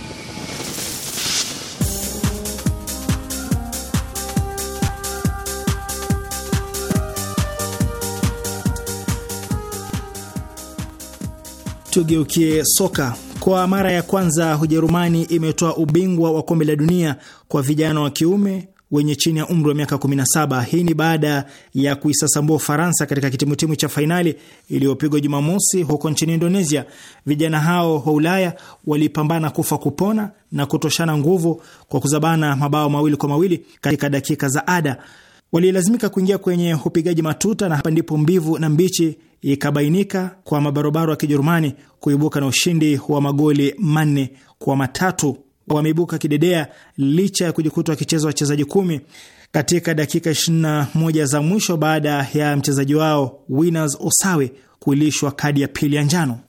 Tugeukie soka. Kwa mara ya kwanza Ujerumani imetoa ubingwa wa kombe la dunia kwa vijana wa kiume wenye chini ya umri wa miaka 17. Hii ni baada ya kuisasambua Ufaransa katika kitimutimu cha fainali iliyopigwa Jumamosi huko nchini Indonesia. Vijana hao wa Ulaya walipambana kufa kupona na kutoshana nguvu kwa kuzabana mabao mawili kwa mawili katika dakika za ada walilazimika kuingia kwenye upigaji matuta, na hapa ndipo mbivu na mbichi ikabainika kwa mabarobaro wa Kijerumani kuibuka na ushindi wa magoli manne kwa matatu. Wameibuka kidedea licha ya kujikuta wakicheza wachezaji kumi katika dakika 21 za mwisho baada ya mchezaji wao Winners Osawe kuilishwa kadi ya pili ya njano.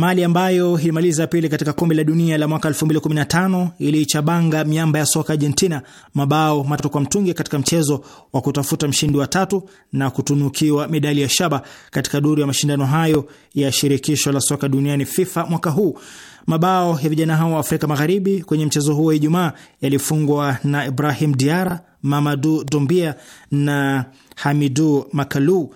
Mali ambayo ilimaliza pili katika kombe la dunia la mwaka 2015 iliichabanga miamba ya soka Argentina mabao matatu kwa mtungi katika mchezo wa kutafuta mshindi wa tatu na kutunukiwa medali ya shaba katika duru ya mashindano hayo ya shirikisho la soka duniani FIFA mwaka huu. Mabao ya vijana hao wa Afrika Magharibi kwenye mchezo huo Ijumaa yalifungwa na Ibrahim Diara, Mamadu Dombia na Hamidu Makalu.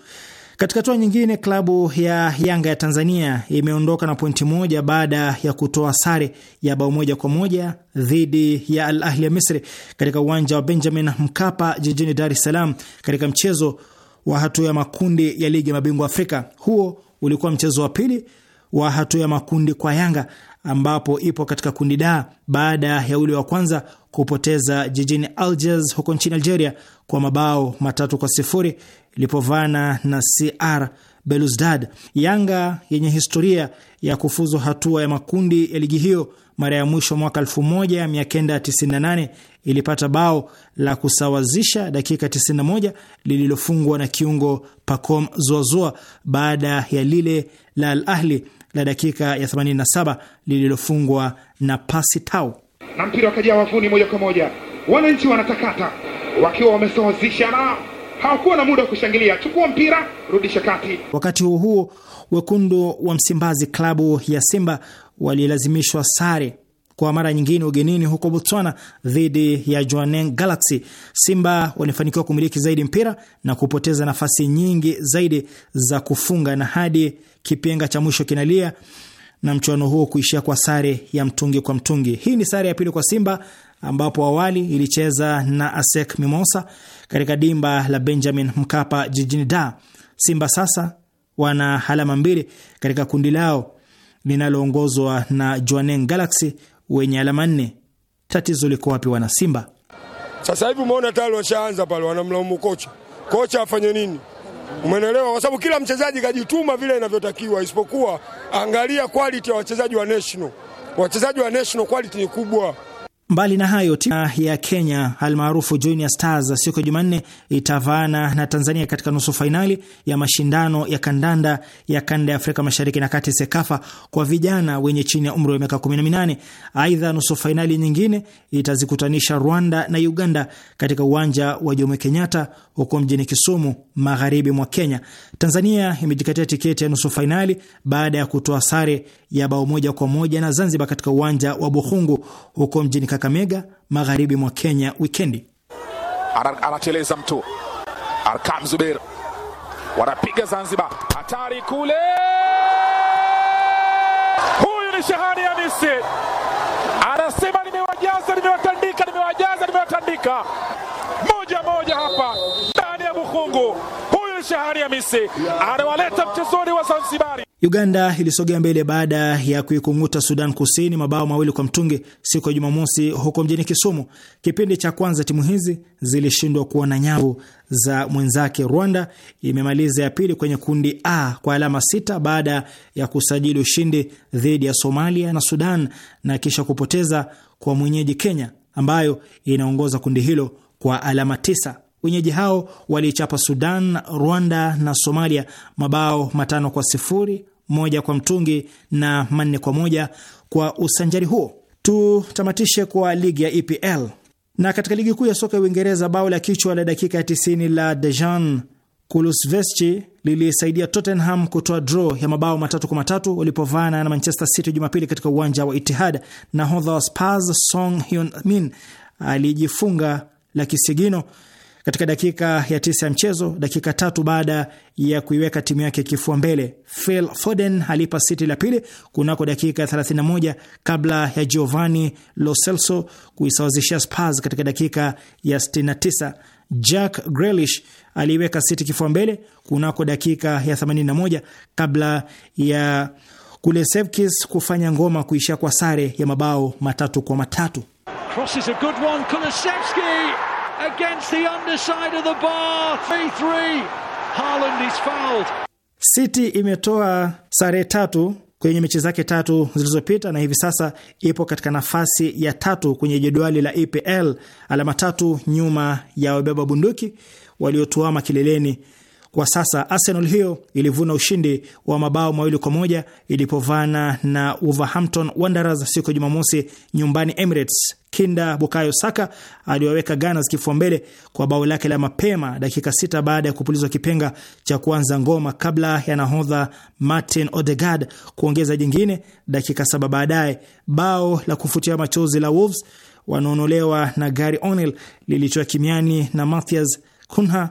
Katika hatua nyingine, klabu ya Yanga ya Tanzania imeondoka na pointi moja baada ya kutoa sare ya bao moja kwa moja dhidi ya Al Ahli ya Misri katika uwanja wa Benjamin Mkapa jijini Dar es Salaam katika mchezo wa hatua ya makundi ya ligi ya mabingwa Afrika. Huo ulikuwa mchezo wa pili wa hatua ya makundi kwa Yanga ambapo ipo katika kundi da baada ya ule wa kwanza kupoteza jijini Algiers huko nchini Algeria kwa mabao matatu kwa sifuri ilipovana na CR Belouizdad. Yanga yenye historia ya kufuzu hatua ya makundi ya ligi hiyo mara ya mwisho mwaka 1998 ilipata bao la kusawazisha dakika 91 lililofungwa na kiungo Pacom zuazua baada ya lile la Al Ahli la dakika ya 87 lililofungwa na pasi tau, na mpira wakajaa wavuni moja kwa moja, wananchi wanatakata wakiwa wamesawazisha hawakuwa na muda wa kushangilia. Chukua mpira, rudisha kati. Wakati huo huo, wekundu wa Msimbazi klabu ya Simba walilazimishwa sare kwa mara nyingine ugenini huko Botswana dhidi ya Jwaneng Galaxy. Simba walifanikiwa kumiliki zaidi mpira na kupoteza nafasi nyingi zaidi za kufunga, na hadi kipenga cha mwisho kinalia na mchuano huo kuishia kwa sare ya mtungi kwa mtungi. Hii ni sare ya pili kwa Simba, ambapo awali ilicheza na ASEC Mimosa katika dimba la Benjamin Mkapa jijini Dar. Simba sasa wana alama mbili katika kundi lao linaloongozwa na Jwaneng Galaxy wenye alama nne. Tatizo liko wapi wana Simba? Sasa hivi umeona tayari washaanza pale, wanamlaumu kocha. Kocha afanye nini? Umenelewa? Kwa sababu kila mchezaji kajituma vile inavyotakiwa, isipokuwa angalia quality ya wachezaji wa national. Wachezaji wa national quality ni kubwa. Mbali na hayo, timu ya Kenya almaarufu Junior Stars siku ya Jumanne itavaana na Tanzania katika nusu fainali ya mashindano ya kandanda ya kanda ya Afrika Mashariki na Kati, SEKAFA, kwa vijana wenye chini ya umri wa miaka 18. Aidha, nusu fainali nyingine itazikutanisha Rwanda na Uganda katika uwanja wa Jomo Kenyatta huko mjini Kisumu, magharibi mwa Kenya. Tanzania imejikatia tiketi ya nusu fainali baada ya kutoa sare ya bao moja kwa moja na Zanzibar katika uwanja wa Buhungu huko mjini Kakamega, magharibi mwa Kenya wikendi. Anateleza mtu Arkam Zubeir, wanapiga Zanzibar, hatari kule. Huyu ni Shahani Hamisi anasema nimewajaza, nimewatandika, nimewajaza, nimewatandika, moja moja hapa ndani ya Bukhungu. Huyu ni Shahani Hamisi anawaleta mchezoni wa Zanzibari. Uganda ilisogea mbele baada ya kuikung'uta Sudan Kusini mabao mawili kwa mtungi siku ya Jumamosi huko mjini Kisumu. Kipindi cha kwanza timu hizi zilishindwa kuona nyavu za mwenzake. Rwanda imemaliza ya pili kwenye kundi A kwa alama sita baada ya kusajili ushindi dhidi ya Somalia na Sudan na kisha kupoteza kwa mwenyeji Kenya ambayo inaongoza kundi hilo kwa alama tisa. Wenyeji hao waliichapa Sudan, Rwanda na Somalia mabao matano kwa sifuri moja kwa mtungi na manne kwa moja kwa usanjari huo. Tutamatishe kwa ligi ya EPL na katika ligi kuu ya soka ya Uingereza, bao la kichwa la dakika ya 90 la Dejan Kulusevski lilisaidia Tottenham kutoa draw ya mabao matatu kwa matatu walipovana na Manchester City Jumapili katika uwanja wa Itihad. Nahodha wa Spurs Song Hyun Min alijifunga la kisigino katika dakika ya tisa ya mchezo, dakika tatu baada ya kuiweka timu yake kifua mbele, Phil Foden alipa siti la pili kunako dakika ya 31 kabla ya Giovanni Lo Celso kuisawazishia Spurs katika dakika ya 69. Jack Grealish aliiweka siti kifua mbele kunako dakika ya 81 kabla ya Kulesevkis kufanya ngoma kuishia kwa sare ya mabao matatu kwa matatu against the underside of the bar. 3-3. Haaland is fouled. City imetoa sare tatu kwenye mechi zake tatu zilizopita na hivi sasa ipo katika nafasi ya tatu kwenye jedwali la EPL, alama tatu nyuma ya wabeba bunduki waliotuama kileleni kwa sasa Arsenal hiyo ilivuna ushindi wa mabao mawili kwa moja ilipovana na Wolverhampton Wanderers siku ya Jumamosi nyumbani Emirates. Kinda Bukayo Saka aliwaweka Gunners kifua mbele kwa bao lake la mapema dakika sita baada ya kupulizwa kipenga cha kuanza ngoma kabla ya nahodha Martin Odegaard kuongeza jingine dakika saba baadaye. Bao la kufutia machozi la Wolves wanaonolewa na Gary onel lilitoa kimiani na Matthias Cunha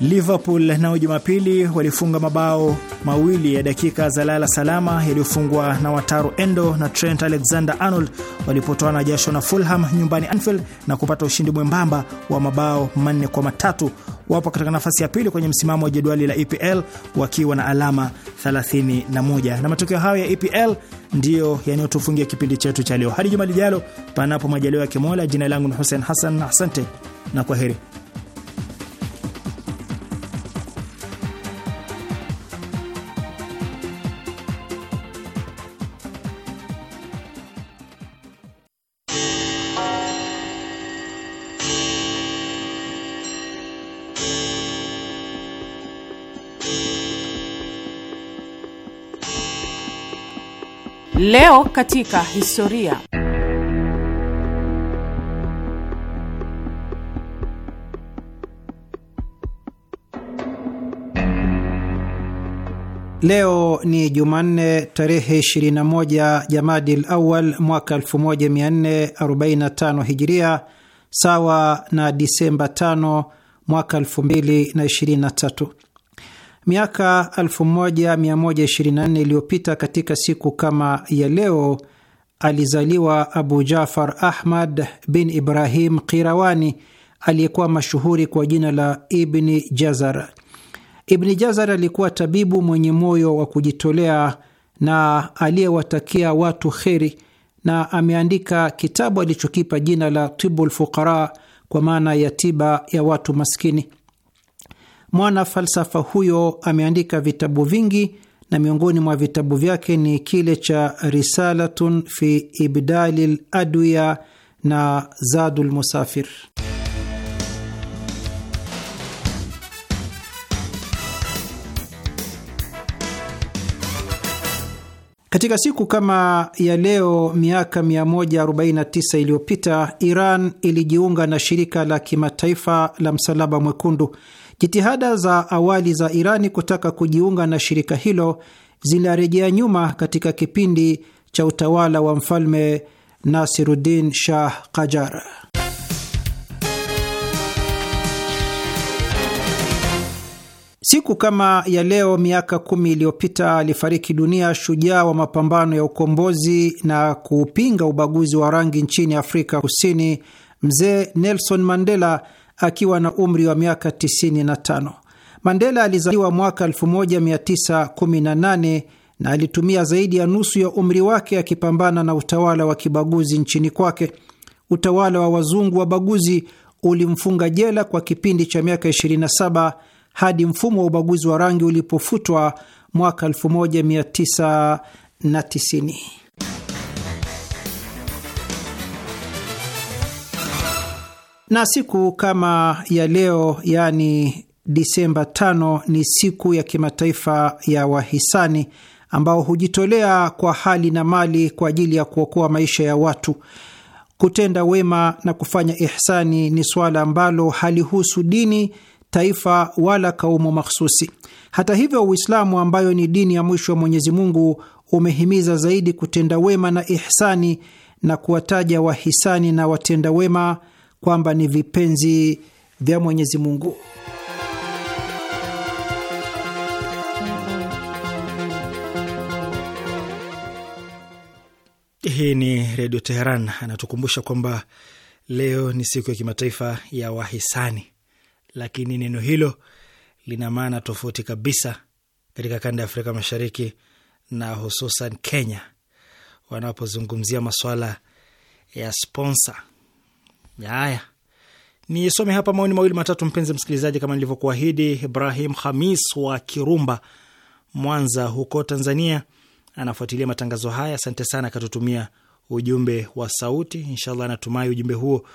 Liverpool nao Jumapili walifunga mabao mawili ya dakika za lala salama yaliyofungwa na Wataru Endo na Trent Alexander-Arnold na jasho na Fulham nyumbani Anfield na kupata ushindi mwembamba wa mabao manne kwa matatu. Wapo katika nafasi ya pili kwenye msimamo wa jedwali la EPL wakiwa na alama 31, na, na matokeo hayo ya EPL ndiyo yanayotufungia kipindi chetu cha leo. Hadi juma lijalo, panapo majaliwa ya Kimola. Jina langu ni Hussein Hassan, asante na kwa heri Leo katika historia. Leo ni Jumanne tarehe 21 Jamadil Awal mwaka 1445 Hijiria, sawa na Disemba 5 mwaka 2023. Miaka 1124 iliyopita katika siku kama ya leo alizaliwa Abu Jafar Ahmad bin Ibrahim Qirawani aliyekuwa mashuhuri kwa jina la Ibni Jazar. Ibni Jazar alikuwa tabibu mwenye moyo wa kujitolea na aliyewatakia watu kheri, na ameandika kitabu alichokipa jina la Tibul Fuqara, kwa maana ya tiba ya watu maskini. Mwana falsafa huyo ameandika vitabu vingi na miongoni mwa vitabu vyake ni kile cha Risalatun fi Ibdali Ladwiya na Zadul Musafir. Katika siku kama ya leo miaka 149 iliyopita Iran ilijiunga na shirika la kimataifa la Msalaba Mwekundu. Jitihada za awali za Irani kutaka kujiunga na shirika hilo zinarejea nyuma katika kipindi cha utawala wa mfalme Nasiruddin Shah Kajar. Siku kama ya leo miaka kumi iliyopita alifariki dunia shujaa wa mapambano ya ukombozi na kuupinga ubaguzi wa rangi nchini Afrika Kusini, mzee Nelson Mandela akiwa na umri wa miaka 95. Mandela alizaliwa mwaka 1918 na alitumia zaidi ya nusu ya umri wake akipambana na utawala wa kibaguzi nchini kwake. Utawala wa wazungu wa baguzi ulimfunga jela kwa kipindi cha miaka 27 hadi mfumo wa ubaguzi wa rangi ulipofutwa mwaka 1990. na siku kama ya leo, yaani Disemba tano, ni siku ya kimataifa ya wahisani ambao hujitolea kwa hali na mali kwa ajili ya kuokoa maisha ya watu. Kutenda wema na kufanya ihsani ni suala ambalo halihusu dini, taifa wala kaumu makhususi. Hata hivyo, Uislamu ambayo ni dini ya mwisho wa Mwenyezi Mungu umehimiza zaidi kutenda wema na ihsani na kuwataja wahisani na watenda wema kwamba ni vipenzi vya Mwenyezi Mungu. Hii ni Redio Teheran. Anatukumbusha kwamba leo ni siku ya kimataifa ya wahisani, lakini neno hilo lina maana tofauti kabisa katika kanda ya Afrika Mashariki na hususan Kenya wanapozungumzia masuala ya sponsa. Haya, nisome hapa maoni mawili matatu, mpenzi msikilizaji, kama nilivyokuahidi. Ibrahim Hamis wa Kirumba, Mwanza huko Tanzania, anafuatilia matangazo haya. Asante sana, akatutumia ujumbe wa sauti. Inshallah, natumai ujumbe huo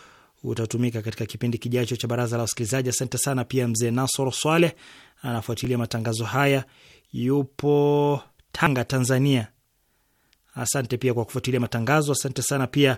utatumika katika kipindi kijacho cha baraza la wasikilizaji. Asante sana pia mzee Nasor Swale anafuatilia matangazo haya, yupo Tanga, Tanzania. Asante pia kwa kufuatilia matangazo. Asante sana pia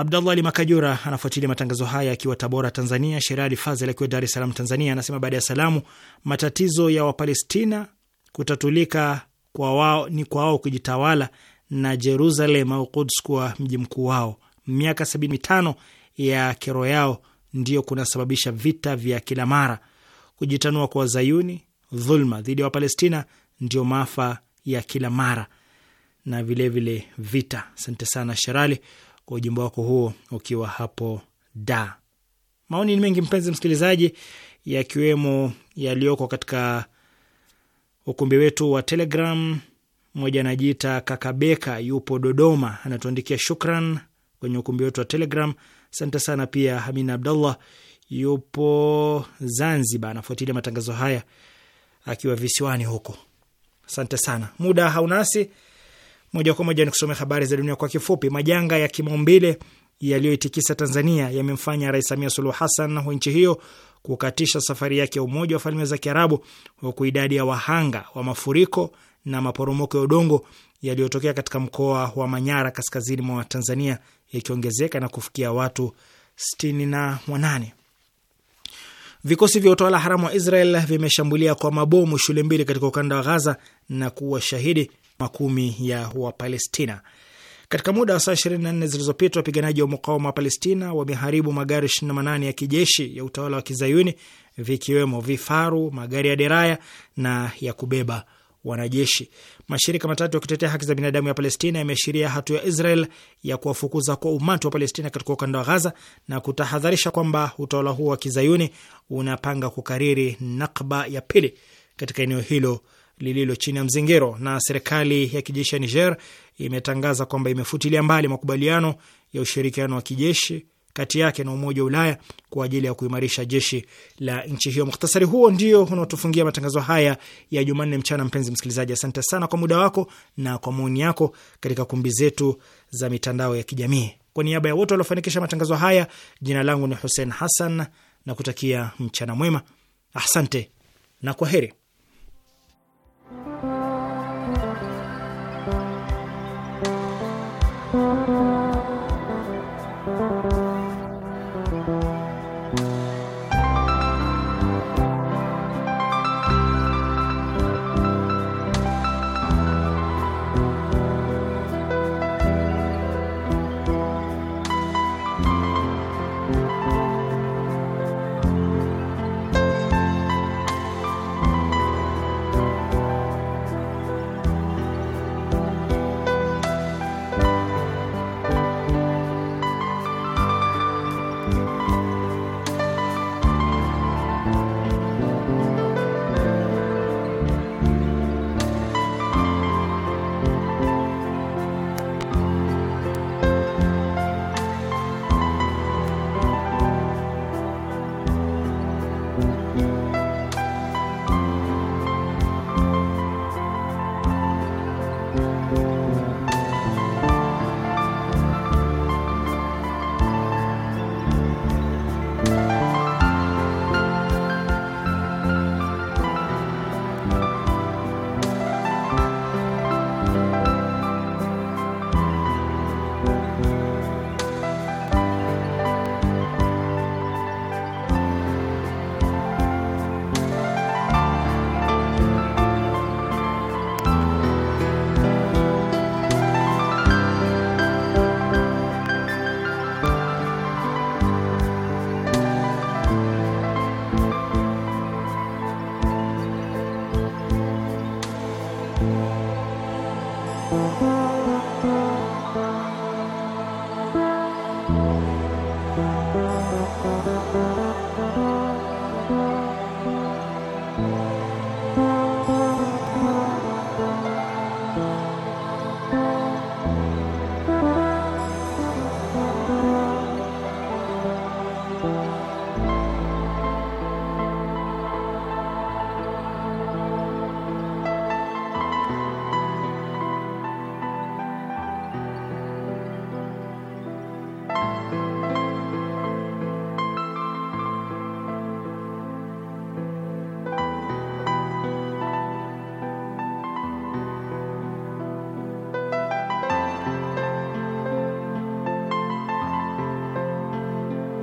Abdallah Ali Makajura anafuatilia matangazo haya akiwa Tabora, Tanzania. Sherali Fazel akiwa Dar es Salaam, Tanzania, anasema baada ya salamu, matatizo ya Wapalestina kutatulika kwa wao ni kwa wao kujitawala na Jerusalem au Kuds kuwa mji mkuu wao. Miaka sabini mitano ya kero yao ndiyo kunasababisha vita vya kila mara, kujitanua kwa Wazayuni, dhulma dhidi ya Wapalestina ndio maafa ya kila mara na vilevile vile vita. Asante sana Sherali kwa ujumbe wako huo ukiwa hapo da. Maoni ni mengi mpenzi msikilizaji, yakiwemo yaliyoko katika ukumbi wetu wa Telegram. Mmoja anajiita Kakabeka, yupo Dodoma, anatuandikia shukran kwenye ukumbi wetu wa Telegram. Asante sana. Pia Hamina Abdallah yupo Zanzibar, anafuatilia matangazo haya akiwa visiwani huko. Asante sana, muda haunasi. Moja kwa moja ni kusomea habari za dunia kwa kifupi. Majanga ya kimaumbile yaliyoitikisa Tanzania yamemfanya Rais Samia Suluhu Hassan wa nchi hiyo kukatisha safari yake ya Umoja wa Falme za Kiarabu, huku idadi ya wahanga wa mafuriko na maporomoko ya udongo yaliyotokea katika mkoa wa Manyara kaskazini mwa Tanzania yakiongezeka na kufikia watu sitini na wanane. Vikosi vya utawala haramu wa Israel vimeshambulia kwa mabomu shule mbili katika ukanda wa Gaza na kuwa shahidi makumi ya Wapalestina. Katika muda wa saa 24 zilizopita wapiganaji wa mukawama wa Palestina wameharibu magari 28 ya kijeshi ya utawala wa kizayuni vikiwemo vifaru, magari ya deraya na ya kubeba wanajeshi. Mashirika matatu ya kutetea haki za binadamu ya Palestina yameashiria hatua ya Israel ya kuwafukuza kwa umati wa Palestina katika ukanda wa Ghaza na kutahadharisha kwamba utawala huo wa kizayuni unapanga kukariri nakba ya pili katika eneo hilo lililo chini ya mzingiro. Na serikali ya kijeshi ya Niger imetangaza kwamba imefutilia mbali makubaliano ya ushirikiano wa kijeshi kati yake na Umoja wa Ulaya kwa ajili ya kuimarisha jeshi la nchi hiyo. Mukhtasari huo ndio unaotufungia matangazo haya ya Jumanne mchana. Mpenzi msikilizaji, asante sana kwa muda wako na kwa maoni yako katika kumbi zetu za mitandao ya kijamii. Kwa niaba ya wote waliofanikisha matangazo haya, jina langu ni Hussein Hassan na kutakia mchana mwema. Asante na kwa heri. Thank you.